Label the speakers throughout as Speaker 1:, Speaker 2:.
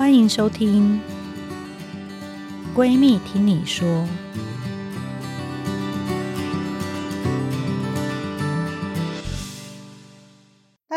Speaker 1: 歡迎收聽《閨蜜聽你說》。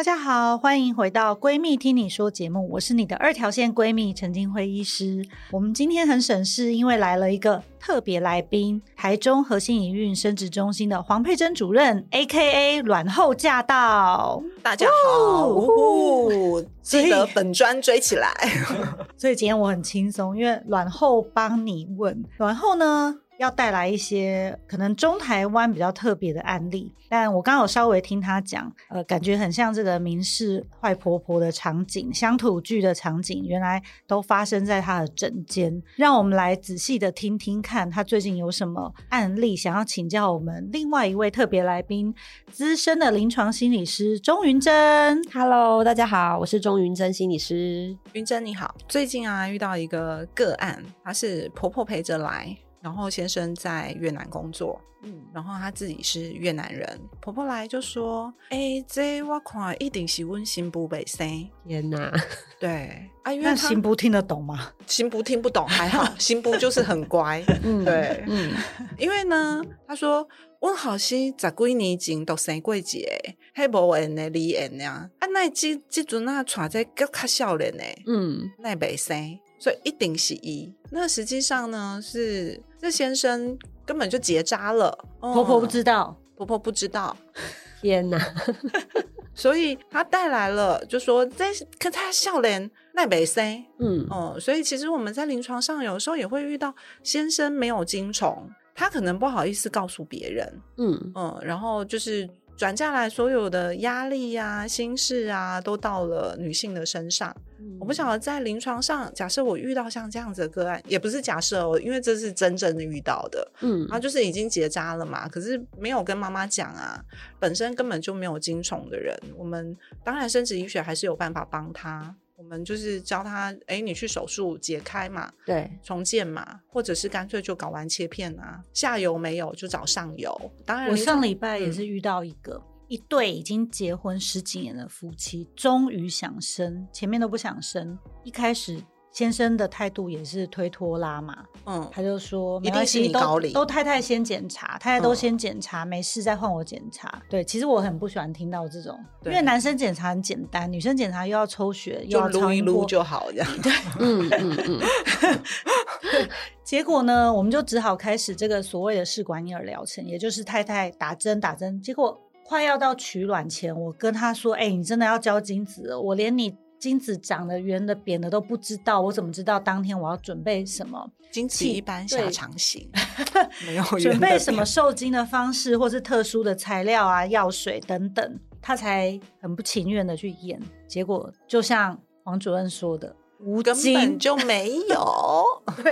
Speaker 1: 大家好，歡迎回到《閨蜜聽你說》節目，我是你的二條線閨蜜陳菁徽醫師。我們今天很省事，因為來了一個特別來賓——台中核心隱孕生殖中心的黃佩真主任 （AKA 卵後駕到）。大家好，呼呼記得本專追起來。所以， 所以今天我很輕鬆，因為卵後幫你問卵後呢，要帶來一些可能中台灣比較特別的案例，但我剛剛有稍微聽他講，呃，感覺很像這個民視壞婆婆的場景，鄉土劇的場景，原來都發生在他的診間。讓我們來仔細的聽聽看，他最近有什麼案例想要請教我們另外一位特別來賓，資深的臨床心理師鍾昀蓁。Hello，大家好，我是鍾昀蓁心理師。昀蓁你好，最近啊遇到一個個案，她是婆婆
Speaker 2: 陪着來。然後先生在越南工作、嗯，然後他自己是越南人，婆婆來就說：“哎、欸，這我看一定是我新婦袂生？天哪、啊，對啊因，因新婦聽得懂嗎？新婦聽不懂還好，新婦就是很乖，
Speaker 1: 對嗯，
Speaker 2: 嗯，因為呢，他說我好像十幾年前都生過一個，還無緣的離安呀？啊，那記記住那耍在腳卡笑臉呢？嗯，那袂生。”所以一定是她，那實際上呢是這先生根本就結紮了、嗯，婆婆不知道，婆婆不知道，天哪！ 所以他帶來了，就說在看他笑臉也袂生，嗯哦、嗯，所以其實我們在臨床上有時候也會遇到先生沒有精蟲，他可能不好意思告訴別人，嗯嗯，嗯，然後就是。轉下來所有的壓力呀、啊、心事啊，都到了女性的身上。嗯、我不曉得在臨床上，假設我遇到像這樣子的個案，也不是假設哦，因為這是真正的遇到的。嗯、然、啊、後就是已經結扎了嘛，可是沒有跟媽媽講啊，本身根本就沒有精蟲的人，我們當然生殖醫學還是有辦法幫他。我們就是教他，哎、欸，你去手術解開嘛，對，重建嘛，或者是乾脆就睪丸切片啊，下游沒有就找上游。當然，我上禮拜也是遇
Speaker 1: 到一個、嗯、一對已經結婚十幾年的夫妻，終於想生，前面都不想生，一開始。先生的態度也是推拖拉嘛，嗯，他就說，一定是你高齡都,都太太先檢查，太太都先檢查、嗯，沒事再換我檢查。對，其實我很不喜歡聽到這種，因為男生檢查很簡單，女生檢查又要抽血，又要擼一擼就好這樣。對，嗯嗯嗯。嗯 結果呢，我們就只好開始這個所謂的試管嬰兒療程，也就是太太打針打針，結果快要到取卵前，我跟他說，哎、欸，你真的要交精子了？我連你。精子長得圓的扁的都不知道，我怎麼知道當天我要準備什麼？精子一般小長形， 沒有準備什麼受精的方式，或是特殊的材料啊、藥水等等，他才很不情願的去演。結果就像黃主任說的，無精就沒有，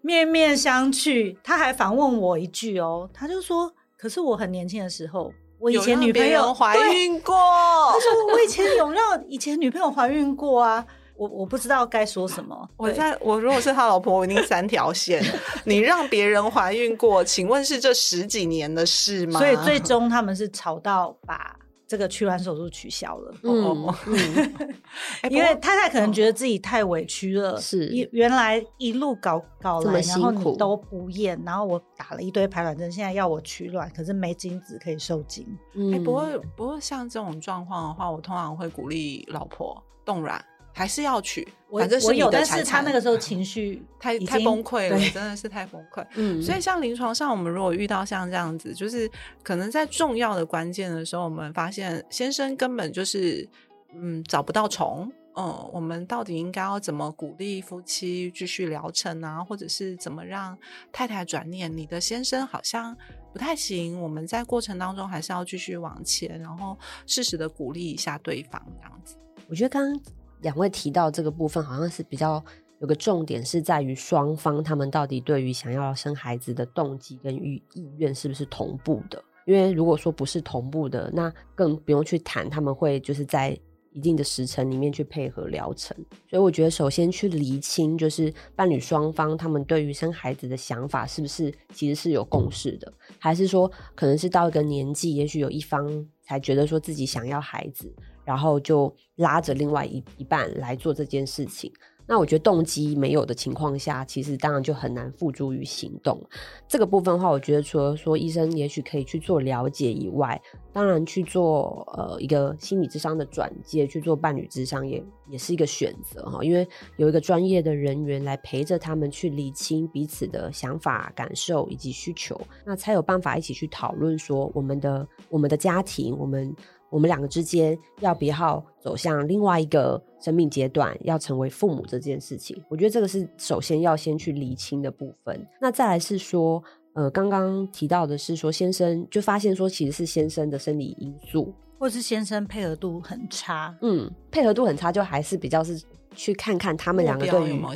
Speaker 1: 面面相覷。他還反問我一句哦、喔，他就說：“可是我很年輕的時候。”我以前女朋友懷孕過，他 說我以前有讓，以前女朋友懷孕過啊？我我不知道該說什麼。
Speaker 2: 我在，我如果是他老婆，我一定三條線。 你讓別人懷孕過，請問是這十幾年的事嗎？所以最
Speaker 1: 終他們是吵到把這個取卵手術取消了。嗯，哦，嗯 欸，因為太太可能覺得自己太委屈了。是、欸，原來一路搞搞來，然後你都不驗，然後我打了一堆排卵針，現在要我取卵，可是沒精子可以受精。嗯，欸、不過
Speaker 2: 不過像這種狀況的話，我通常會鼓勵老婆凍卵。還是要取，反正我有，但是他那個時候情緒
Speaker 1: 太太崩潰了，真
Speaker 2: 的是太崩潰。嗯，所以像臨床上，我們如果遇到像這樣子，就是可能在重要的關鍵的時候，我們發現先生根本就是嗯找不到蟲，嗯，我們到底應該要怎麼鼓勵夫妻繼續療程啊，或者是怎麼讓太太轉念？你的先生好像不太行，我們在過程當中還是要繼續往前，然後適時的鼓勵一下對方這樣子。
Speaker 3: 我覺得剛剛。兩位提到這個部分，好像是比較有個重點，是在於雙方他們到底對於想要生孩子的動機跟與意願是不是同步的？因為如果說不是同步的，那更不用去談他們會就是在一定的時程裡面去配合療程。所以我覺得首先去釐清，就是伴侶雙方他們對於生孩子的想法是不是其實是有共識的，還是說可能是到一個年紀，也許有一方才覺得說自己想要孩子。然後就拉着另外一一半來做這件事情。那我覺得動機沒有的情況下，其實當然就很難付諸於行動。這個部分的話，我覺得除了說醫生也許可以去做了解以外，當然去做呃一個心理諮商的轉介，去做伴侶諮商，也也是一個選擇哈。因為有一個專業的人員來陪着他們去理清彼此的想法、感受以及需求，那才有辦法一起去討論說我們的我們的家庭我們。我們兩個之間要不要，走向另外一個生命階段，要成為父母這件事情，我覺得這個是首先要先去理清的部分。那再來是說，呃，剛剛提到的是說，先生就發現說，其實是先生的生理因素，
Speaker 1: 或者是先生配合度很差。
Speaker 3: 嗯，配合度很差，就還是比較是去看看他們兩個對於目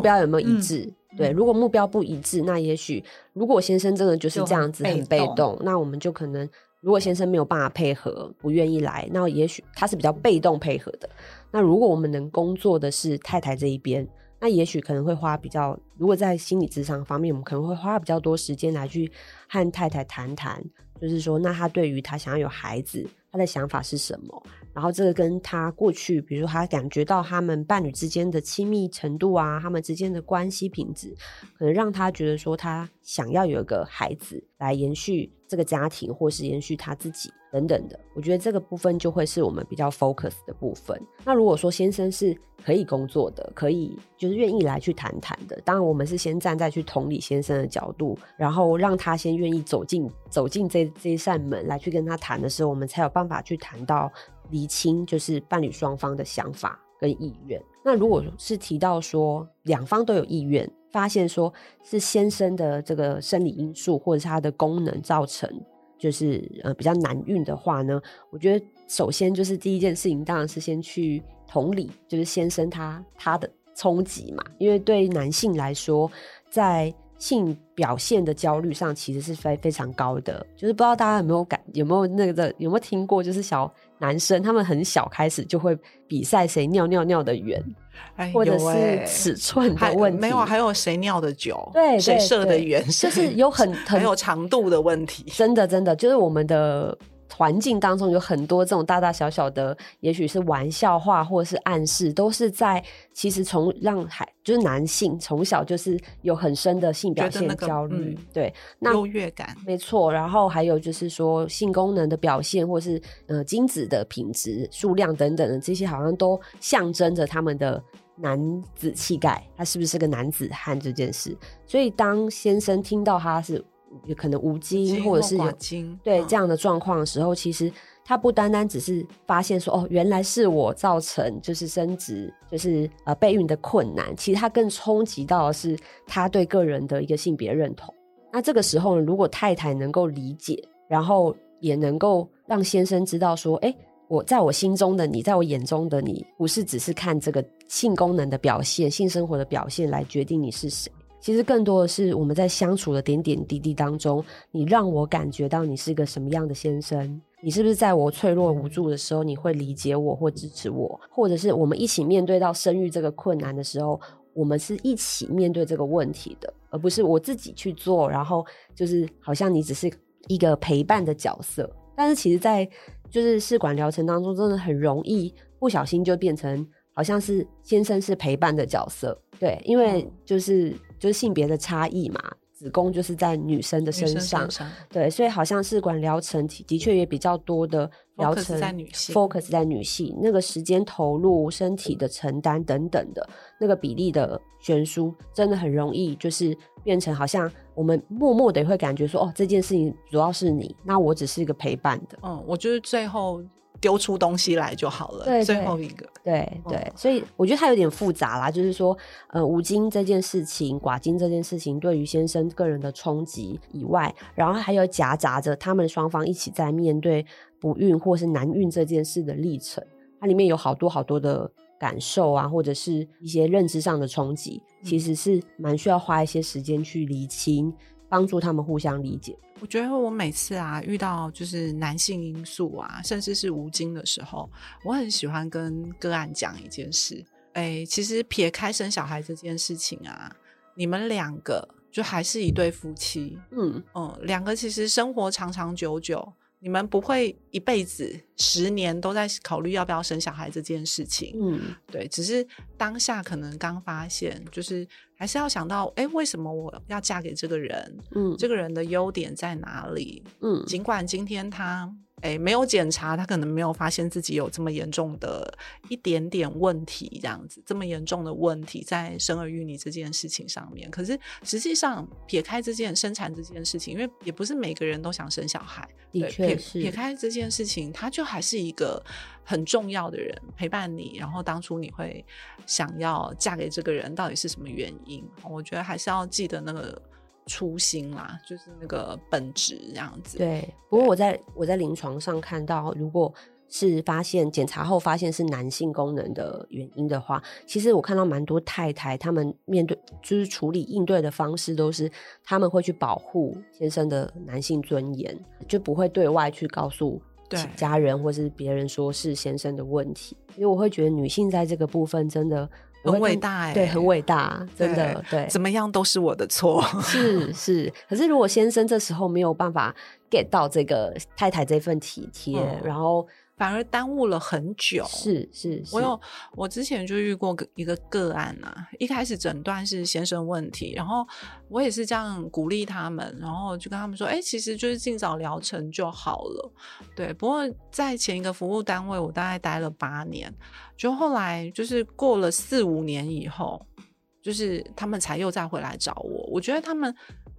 Speaker 3: 標有沒有一致，嗯哦嗯。對，如果目標不一致，那也許如果先生真的就是這樣子很被動，被動，那我們就可能。如果先生沒有辦法配合，不願意來，那也許他是比較被動配合的。那如果我們能工作的是太太這一邊，那也許可能會花比較，如果在心理諮商方面，我們可能會花比較多時間來去和太太談談，就是說，那他對於他想要有孩子，他的想法是什麼？然後這個跟他過去，比如說他感覺到他們伴侶之間的親密程度啊，他們之間的關係品質，可能讓他覺得說，他想要有一個孩子來延續。這個家庭，或是延續他自己等等的，我覺得這個部分就會是我們比較 focus 的部分。那如果說先生是可以工作的，可以就是願意來去談談的，當然我們是先站在去同理先生的角度，然後讓他先願意走進走進這這一扇門來去跟他談的時候，我們才有辦法去談到釐清，就是伴侶雙方的想法跟意願。那如果是提到說兩方都有意願。發現說是先生的這個生理因素，或者是他的功能造成，就是呃比較難孕的話呢，我覺得首先就是第一件事情當然是先去同理，就是先生他他的衝擊嘛，因為對男性來說，在。性表現的焦慮上其實是非非常高的，就是不知道大家有沒有感有沒有那個的有沒有聽過，就是小男生他們很小開始就會比賽誰尿尿尿
Speaker 2: 的遠，哎，或者是尺寸的問題，有欸嗯、沒有、啊，還有誰尿的久，對，誰射的遠，就是有很很有長度的問題，真的真的就是我
Speaker 3: 們的。環境當中有很多這種大大小小的，也許是玩笑話，或是暗示，都是在其實從讓孩就是男性從小就是有很深的性表現焦慮，那個，對，嗯、那、優越感，沒錯。然後還有就是說性功能的表現，或是呃精子的品質、數量等等的這些，好像都象徵着他們的男子氣概，他是不是個男子漢這件事。所以當先生聽到他是有可能無精，或者是有精，對這樣的狀況的時候，啊、其實他不單單只是發現說哦，原來是我造成就是生殖就是呃備孕的困難，其實他更衝擊到的是他對個人的一個性別認同。那這個時候呢，如果太太能夠理解，然後也能夠讓先生知道說，哎，我在我心中的你，在我眼中的你，不是只是看這個性功能的表現、性生活的表現來決定你是誰。其實更多的是我們在相處的點點滴滴當中，你讓我感覺到你是個什麼樣的先生。你是不是在我脆弱無助的時候，你會理解我或支持我？或者是我們一起面對到生育這個困難的時候，我們是一起面對這個問題的，而不是我自己去做，然後就是好像你只是一個陪伴的角色。但是其實在就是試管療程當中，真的很容易不小心就變成好像是先生是陪伴的角色。對，因為就是。就是性別的差異嘛，子宮就是在女生的身上，生上，上，對，所以好像試管療程體，體的確也比較多的療程在女性，focus 在女性，在女性那個時間投入、身體的承擔等等的那個比例的懸殊，真的很容易就是變成好像我們默默的會感覺說，哦，這件事情主要是你，那我只是一個陪伴的，
Speaker 2: 嗯，我就是最後。丟出東西來就好了。對對對，最後一個，
Speaker 3: 對對、哦、對，所以我覺得它有點複雜啦。就是說，呃，五金無精這件事情、寡精這件事情對於先生個人的衝擊以外，然後還有夾雜着他們雙方一起在面對不孕或是難孕這件事的歷程，它裡面有好多好多的感受啊，或者是一些認知上的衝擊，嗯，其實是蠻需要花一些時間去釐清。幫助他們互相理解。
Speaker 2: 我覺得我每次啊遇到就是男性因素啊，甚至是無精的時候，我很喜歡跟個案講一件事。哎、欸，其實撇開生小孩這件事情啊，你們兩個就還是一對夫妻。嗯嗯，兩個其實生活長長久久。你們不會一輩子，十年都在考慮要不要生小孩這件事情。嗯，對，只是當下可能剛發現，就是還是要想到，哎、欸，為什麼我要嫁給這個人？嗯，這個人的優點在哪裡？嗯，儘管今天他。哎、欸，沒有檢查，他可能沒有發現自己有這麼嚴重的一點點問題，這樣子這麼嚴重的問題在生兒育女這件事情上面。可是實際上撇開這件生產這件事情，因為也不是每個人都想生小孩，
Speaker 3: 的確是，對，撇，撇開
Speaker 2: 這件事情，他就還是一個很重要的人陪伴你。然後當初你會想要嫁給這個人，到底是什麼原因？我覺得還是要記得那個。初心啦、啊，就是那個本質這樣子。對，
Speaker 3: 不過我在我在臨床上看到，如果是發現檢查後發現是男性功能的原因的話，其實我看到蠻多太太，他們面對就是處理應對的方式都是，他們會去保護先生的男性尊嚴，就不會對外去告訴對家人對或是別人說是先生的問題。因為我會覺得女性在這個部分真的。
Speaker 2: 很偉大、欸，對，很
Speaker 3: 偉大，真的對對，對，
Speaker 2: 怎麼樣都是我的錯，
Speaker 3: 是是。可是如果先生這時候沒有辦法 get 到這個太太這份體
Speaker 2: 貼，嗯、然後。反而耽誤了很久。是是，是，我有我之前就遇過一個個案啊，一開始診斷是先生問題，然後我也是這樣鼓勵他們，然後就跟他們說，哎、欸，其實就是盡早療程就好了。對，不過在前一個服務單位，我大概待了八年，就後來就是過了四五年以後，就是他們才又再回來找我。我覺得他們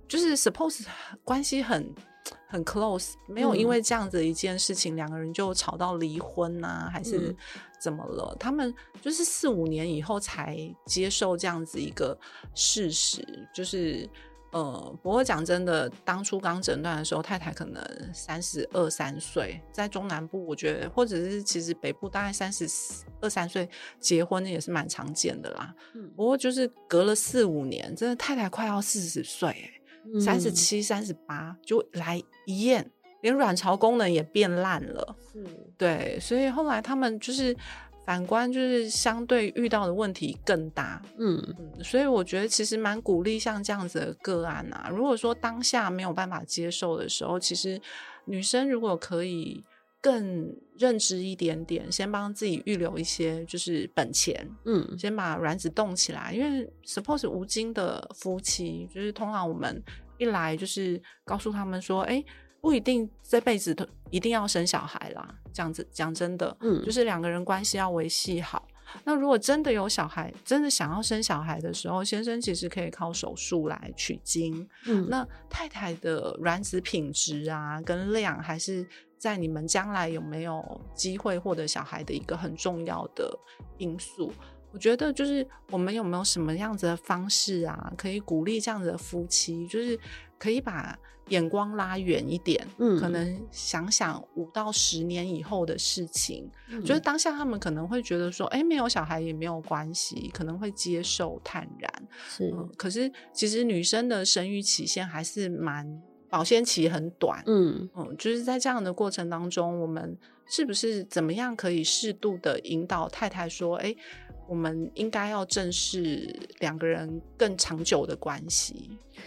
Speaker 2: 就是 suppose 關係很。很 close，沒有因為這樣子的一件事情，兩、嗯、個人就吵到離婚吶、啊，還是怎麼了？嗯、他們就是四五年以後才接受這樣子一個事實，就是呃，不過講真的，當初剛診斷的時候，太太可能三十二三歲，在中南部，我覺得或者是其實北部大概三十二三歲結婚也是蠻常見的啦、嗯。不過就是隔了四五年，真的太太快要四十歲哎。三十七、三十八就來一驗，連卵巢功能也變爛了。是，對，所以後來他們就是反觀，就是相對遇到的問題更大。嗯，所以我覺得其實蠻鼓勵像這樣子的個案啊，如果說當下沒有辦法接受的時候，其實女生如果可以。更認知一點點，先幫自己預留一些，就是本錢。嗯，先把卵子凍起來，因為 suppose 無精的夫妻，就是通常我們一來就是告訴他們說，哎、欸，不一定這輩子一定要生小孩啦。這樣子講真的，嗯，就是兩個人關係要維繫好。那如果真的有小孩，真的想要生小孩的時候，先生其實可以靠手術來取精。嗯，那太太的卵子品質啊，跟量還是。在你們將來有沒有機會獲得小孩的一個很重要的因素？我覺得就是我們有沒有什麼樣子的方式啊，可以鼓勵這樣子的夫妻，就是可以把眼光拉遠一點，嗯，可能想想五到十年以後的事情。覺得，嗯，就是當下他們可能會覺得說，哎、欸，沒有小孩也沒有關係，可能會接受坦然。是。嗯，可是其實女生的生育期限還是蠻。保鮮期很短，嗯嗯，就是在這樣的過程當中，我們是不是怎麼樣可以適度的引導太太說，哎、欸，我們應該要正視兩個人更長久的關係？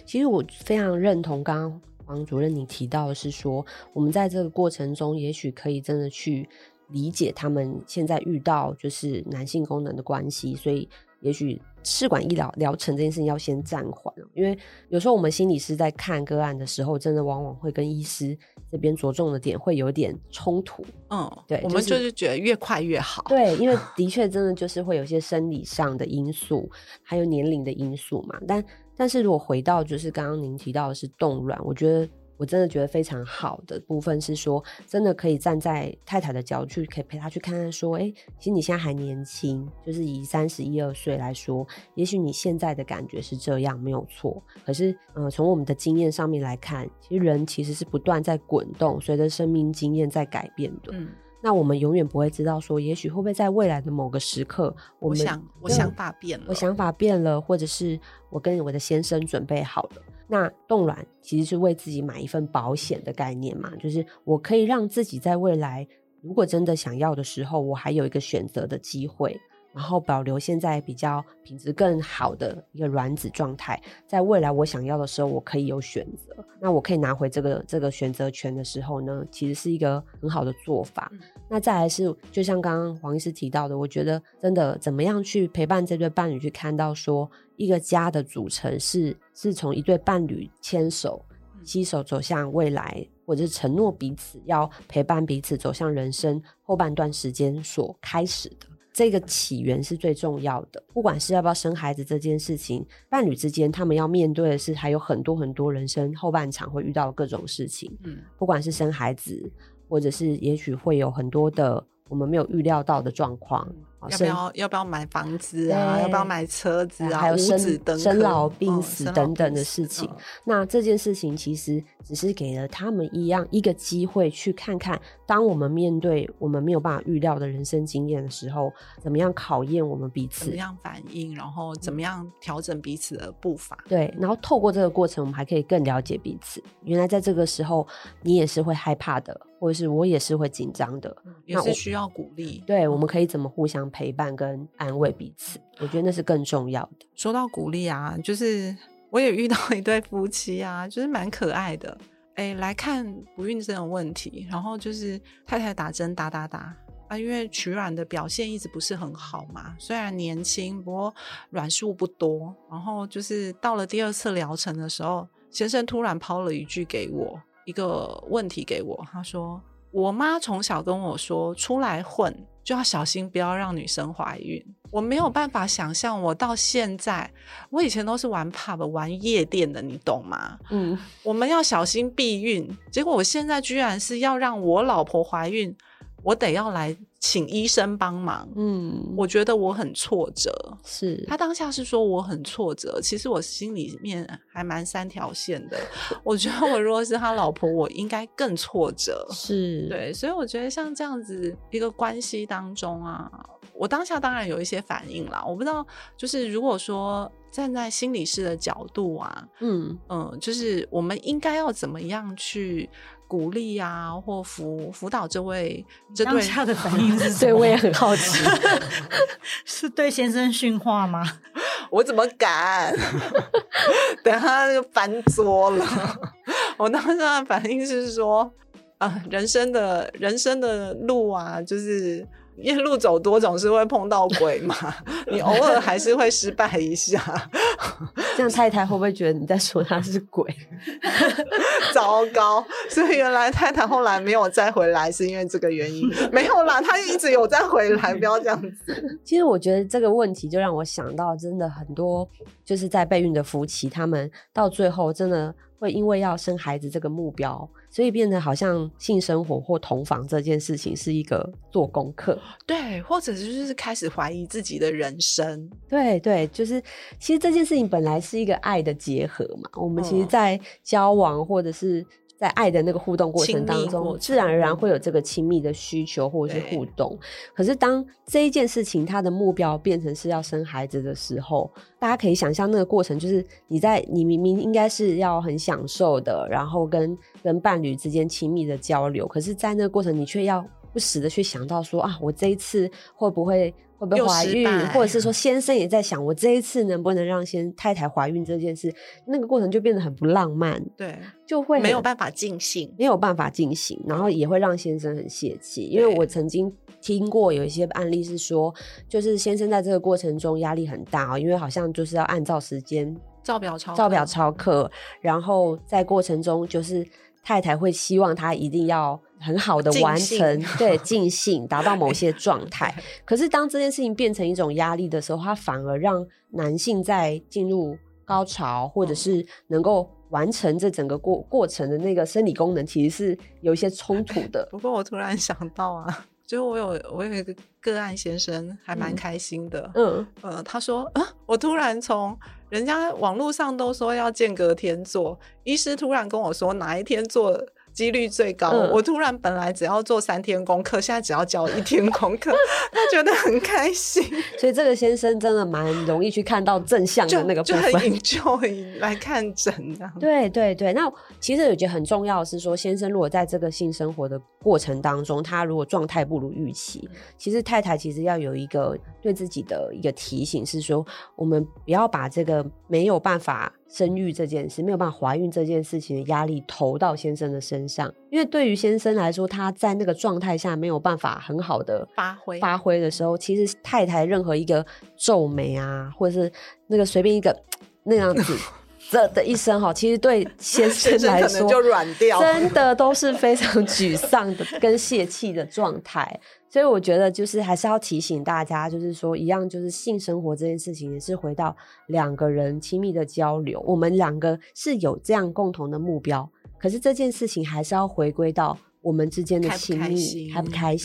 Speaker 2: 其
Speaker 3: 實我非常認同剛剛黃主任你提到的是說，我們在這個過程中，也許可以真的去理解他們現在遇到就是男性功能的關係，所以也許。試管醫療療程這件事情要先暫緩，因為有時候我們心理師在看個案的時候，真的往往會跟醫師這邊着重的點會有點衝突。嗯，
Speaker 2: 對、就是，我們就是覺得越快越好。
Speaker 3: 對，因為的確真的就是會有些生理上的因素，還有年齡的因素嘛。但但是如果回到就是剛剛您提到的是凍卵，我覺得。我真的覺得非常好的部分是說，真的可以站在太太的角度去，可以陪她去看看說，哎、欸，其實你現在還年輕，就是以三十一二歲來說，也許你現在的感覺是這樣，沒有錯。可是，嗯、呃，從我們的經驗上面來看，其實人其實是不斷在滾動，隨着生命經驗在改變的。嗯，那我們永遠不會知道說，說也許會不會在未來的某個時刻，我們，我想我想法變了，我想法變了，或者是我跟我的先生準備好了。那凍卵其實是為自己買一份保險的概念嘛，就是我可以讓自己在未來，如果真的想要的時候，我還有一個選擇的機會。然後保留現在比較品質更好的一個卵子狀態，在未來我想要的時候，我可以有選擇。那我可以拿回這個這個選擇權的時候呢，其實是一個很好的做法。那再來是，就像剛剛黃醫師提到的，我覺得真的怎麼樣去陪伴這對伴侶，去看到說一個家的組成是是從一對伴侶牽手、牽手走向未來，或者是承諾彼此要陪伴彼此走向人生後半段時間所開始的。這個起源是最重要的，不管是要不要生孩子這件事情，伴侶之間他們要面對的是還有很多很多人生後半場會遇到的各種事情，嗯，不管是生孩子，或者是也許會有很多的我們沒有預料到的狀況。嗯要不要
Speaker 2: 要不要買房子啊？要不要買車子啊？還有生登生老病死等等的事情，
Speaker 3: 嗯嗯。那這件事情其實只是給了他們一樣一個機會，去看看當我們面對我們沒有辦法預料的人生經驗的時候，怎麼樣考驗我們彼此，怎麼樣
Speaker 2: 反應，然後怎麼樣調整彼此的步伐，嗯。對，
Speaker 3: 然後透過這個過程，我們還可以更了解彼此。原來在這個時候，你也是會害怕的。或者是我也是會緊張的、嗯，也是需要鼓勵。對，我們可以怎麼互相陪伴跟安慰彼
Speaker 2: 此？嗯、我覺得那是更重要的。說到鼓勵啊，就是我也遇到一對夫妻啊，就是蠻可愛的，哎、欸，來看不孕這種問題，然後就是太太打針打打打啊，因為取卵的表現一直不是很好嘛，雖然年輕，不過卵數不多。然後就是到了第二次療程的時候，先生突然拋了一句給我。一個問題給我，他說：“我媽從小跟我說，出來混就要小心，不要讓女生懷孕。”我沒有辦法想象，我到現在，我以前都是玩 pub、玩夜店的，你懂嗎？嗯，我們要小心避孕。結果我現在居然是要讓我老婆懷孕，我得要來。請醫生幫忙。嗯，我覺得我很挫折。是。他當下是說我很挫折，其實我心裡面還蠻三條線的。 我覺得我如果是他老婆，我應該更挫折。是，對，所以我覺得像這樣子一個關係當中啊，我當下當然有一些反應啦。我不知道，就是如果說站在心理師的角度啊，嗯嗯，就是我們應該要怎麼樣去。鼓勵啊，或輔輔導
Speaker 1: 這位，這對他當下的反應。是對，我也很好奇，是對先生訓話嗎？
Speaker 2: 我怎麼敢？ 等下就翻桌了。 我當下的反應是說啊、呃，人生的人生的路啊，就是。夜路走多，總是會碰到鬼嘛。
Speaker 3: 你偶爾還
Speaker 2: 是會失敗一下。 這樣太太
Speaker 3: 會不會覺得你在說他是
Speaker 2: 鬼？ 糟糕！所以原來太太後來沒有再回來，是因為這個原因？ 沒有啦，她一直有再回來，不要這樣子。其 實我覺得這個問
Speaker 3: 題就讓我想到，真的很多就是在備孕的夫妻，他們到最後真的。會因為要生孩子這個目標，所以變得好像性生活或同房
Speaker 2: 這件事情是一個做功課，對，或者就是開始懷疑自己的人生，
Speaker 3: 對對，就是其實這件事情本來是一個愛的結合嘛，我們其實在交往或者是。在愛的那個互動過程當中，自然而然會有這個親密的需求或者是互動。可是當這一件事情它的目標變成是要生孩子的時候，大家可以想象那個過程，就是你在你明明應該是要很享受的，然後跟跟伴侶之間親密的交流，可是在那個過程你卻要。不時的去想到說啊，我這一次會不會會不會懷孕，或者是說先生也在想我這一次能不能讓先太太懷孕這件事，那個過程就變得很不浪漫，對，就會沒有辦法盡興，沒有辦法盡興，然後也會讓先生很洩氣，因為我曾經聽過有一些案例是說，就是先生在這個過程中壓力很大啊、喔，因為好像就是要按照時間照表操課，照表操課，然後在過程中就是。太太會希望他一定要很好的完成，盡興，對，盡興達到某些狀態。 可是當這件事情變成一種壓力的時候，他反而讓男性在進入高潮或者是能夠完成這整個過過程的那個生理功能，其實是有一些衝突的。
Speaker 2: 不過我突然想到啊。就我有我有一個個案先生還蠻開心的，嗯，嗯，呃，他說啊，我突然從人家網絡上都說要間隔天做，醫師突然跟我說哪一天做。幾率最高，嗯，我突然本來只要做三天功課，現在只要交一天功課， 他覺得很開心。所以這個先生真的蠻
Speaker 3: 容易去看到正向的那個部分。
Speaker 2: 就，就來看診，這樣
Speaker 3: 對對對，那其實我覺得很重要的是說，說先生如果在這個性生活的過程當中，他如果狀態不如預期，其實太太其實要有一個對自己的一個提醒，是說我們不要把這個沒有辦法。生育這件事，沒有辦法懷孕這件事情的壓力投到先生的身上，因為對於先生來說，他在那個狀態下沒有辦法很好的發揮，發揮的時候，其實太太任何一個皺眉啊，或者是那個隨便一個那樣子。 這的一生哈，其實對先生來說， 就軟掉，真的都是非常沮喪的跟洩氣的狀態。 所以我覺得，就是還是要提醒大家，就是說，一樣就是性生活這件事情，也是回到兩個人親密的交流。我們兩個是有這樣共同的目標，可是這件事情還是要回歸到我們之間的親密，開不開心，還不開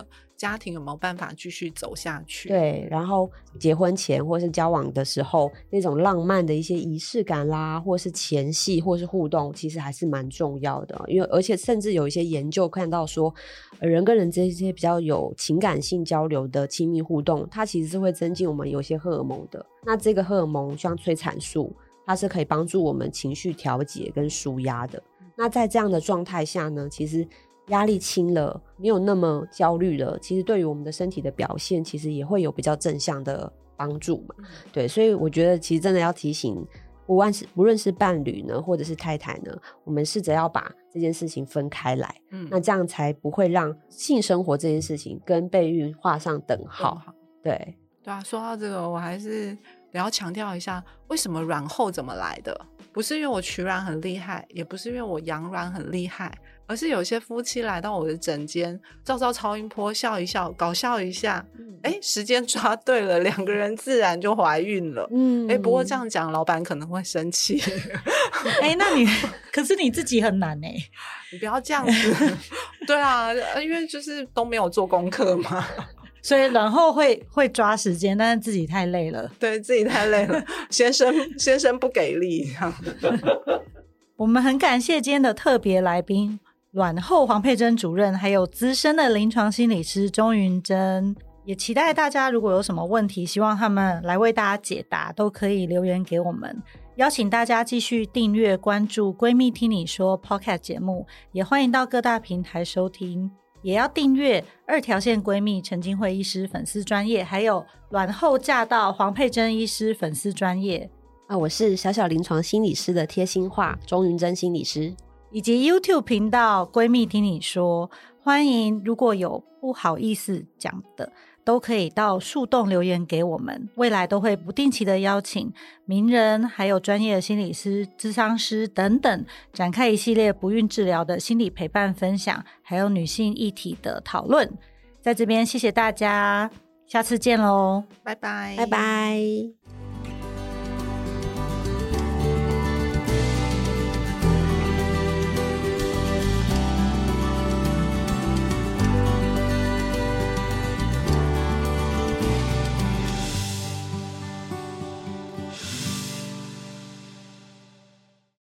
Speaker 3: 心。
Speaker 2: 家庭有沒有辦法繼續走下去？對，
Speaker 3: 然後結婚前或是交往的時候，那種浪漫的一些儀式感啦，或是前戲，或是互動，其實還是蠻重要的。因為而且甚至有一些研究看到說，呃，人跟人這些比較有情感性交流的親密互動，它其實是會增進我們有些荷爾蒙的。那這個荷爾蒙像催產素，它是可以幫助我們情緒調節跟舒壓的。那在這樣的狀態下呢，其實。壓力輕了，沒有那麼焦慮了，其實對於我們的身體的表現，其實也會有比較正向的幫助嘛、嗯。對，所以我覺得其實真的要提醒，無論是無論是伴侶呢，或者是太太呢，我們試着要把這件事情分開來，嗯，那這樣才不會讓性生活這件事情跟備孕畫上等號。對
Speaker 2: 對啊，說到這個，我還是得要強調一下，為什麼卵後怎麼來的？不是因為我取卵很厲害，也不是因為我養卵很厲害。而是有些夫妻來到我的診間，照照超音波，笑一笑，搞笑一下，哎、嗯欸，時間抓對了，兩個人自然就懷孕了。嗯，哎、欸，不過這樣講，老闆可能會生氣。
Speaker 1: 哎、欸，那你 可是你自己很難哎、欸，你不要這樣子。對啊，因為就是都沒有做功課嘛， 所以然後會會抓時間，但是自己太累了，對自己太累了。 先生，先生不給力，這樣子。我們很感謝今天的特別來賓。卵後黃佩真主任，還有資深的臨床心理師鍾昀蓁，也期待大家如果有什麼問題，希望他們來為大家解答，都可以留言給我們。邀請大家繼續訂閱關注“閨蜜聽你說 ”Podcast 節目，也歡迎到各大平台收聽，也要訂閱二條線閨蜜陳菁徽醫師粉絲專業，還有卵後駕到黃佩真醫師粉絲專業。啊，我是小小臨床心理師的貼心話鍾昀蓁心理師。以及 YouTube 頻道“閨蜜聽你說”，歡迎如果有不好意思講的，都可以到樹洞留言給我們。未來都會不定期的邀請名人，還有專業的心理師、諮商師等等，展開一系列不孕治療的心理陪伴分享，還有女性議題的討論。在這邊謝謝大家，下次見嘍，拜拜，拜拜。